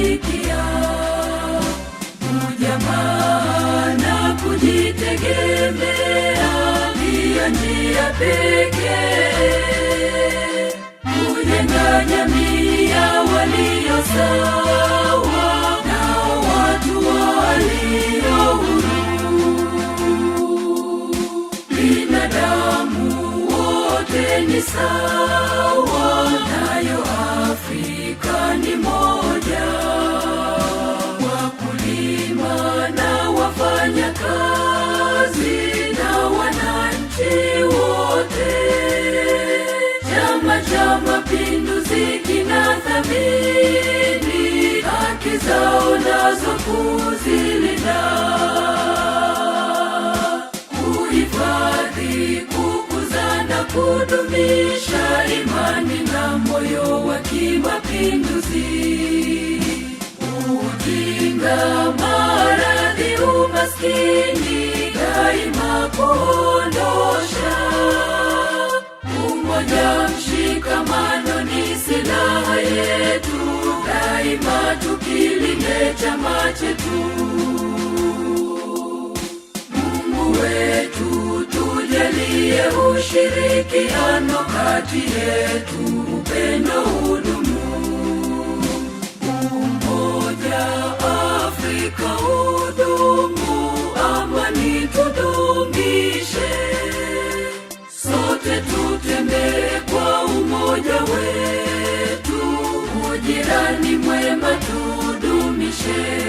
kufikia ujamaa na kujitegemea ndiyo njia pekee kujenga jamii ya walio sawa na watu walio huru binadamu wote ni sawa kudhamini haki zao nazo kuzilinda, kuhifadhi, kukuza na kudumisha imani na moyo wa kimapinduzi. Ujinga, maradhi, umaskini daima kuwa Lazima tukilinde chama chetu, Mungu wetu, tujalie ushirikiano kati yetu, upendo udumu, umoja Afrika udumu, amani tudumishe, sote tutembee kwa umoja wetu, ujirani mwe Shit.